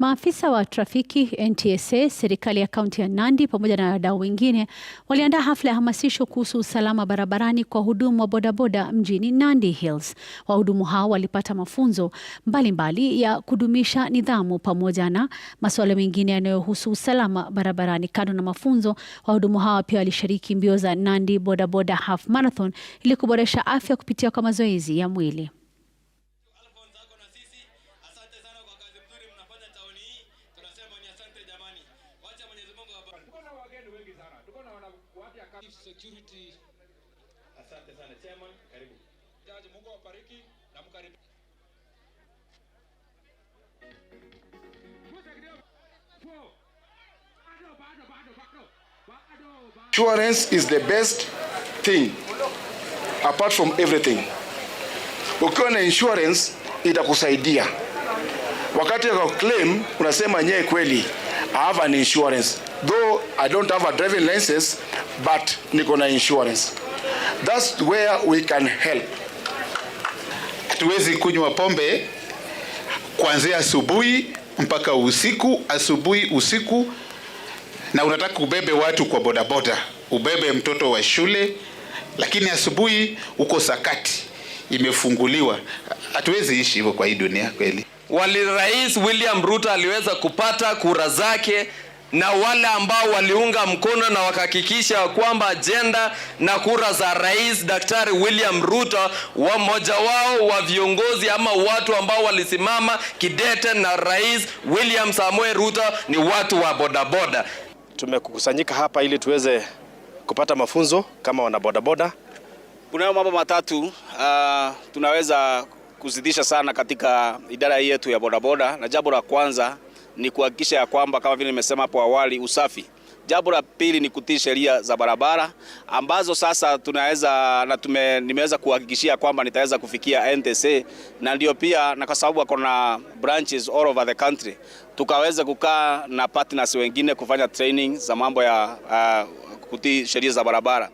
Maafisa wa trafiki NTSA, serikali ya kaunti ya Nandi pamoja na wadau wengine waliandaa hafla ya hamasisho kuhusu usalama barabarani kwa wahudumu wa bodaboda mjini Nandi Hills. Wahudumu hao walipata mafunzo mbalimbali mbali ya kudumisha nidhamu pamoja na masuala mengine yanayohusu usalama barabarani. Kando na mafunzo, wahudumu hao pia walishiriki mbio za Nandi Bodaboda Half Marathon ili kuboresha afya kupitia kwa mazoezi ya mwili. security. Asante sana chairman, karibu. Jaji, Mungu awabariki na mkaribu. Insurance is the best thing apart from everything. Ukiwa na insurance itakusaidia wakati wa claim, unasema nyee, kweli I have an insurance though I don't have a driving license but niko na insurance. That's where we can help. Hatuwezi kunywa pombe kuanzia asubuhi mpaka usiku, asubuhi usiku, na unataka ubebe watu kwa bodaboda, ubebe mtoto wa shule, lakini asubuhi uko sakati imefunguliwa. Hatuwezi ishi hivyo kwa hii dunia kweli wali Rais William Ruto aliweza kupata kura zake na wale ambao waliunga mkono na wakahakikisha kwamba ajenda na kura za Rais Daktari William Ruto wa mmoja wao wa viongozi ama watu ambao walisimama kidete na Rais William Samoei Ruto ni watu wa bodaboda. Tumekusanyika hapa ili tuweze kupata mafunzo kama wanabodaboda. Kunayo mambo matatu uh, tunaweza kuzidisha sana katika idara yetu ya bodaboda, na jambo la kwanza ni kuhakikisha ya kwamba kama vile nimesema hapo awali, usafi. Jambo la pili ni kutii sheria za barabara ambazo sasa tunaweza na tume, nimeweza kuhakikishia kwamba nitaweza kufikia NTSA na ndio pia, na kwa sababu wako na branches all over the country, tukaweza kukaa na partners wengine kufanya training za mambo ya uh, kutii sheria za barabara.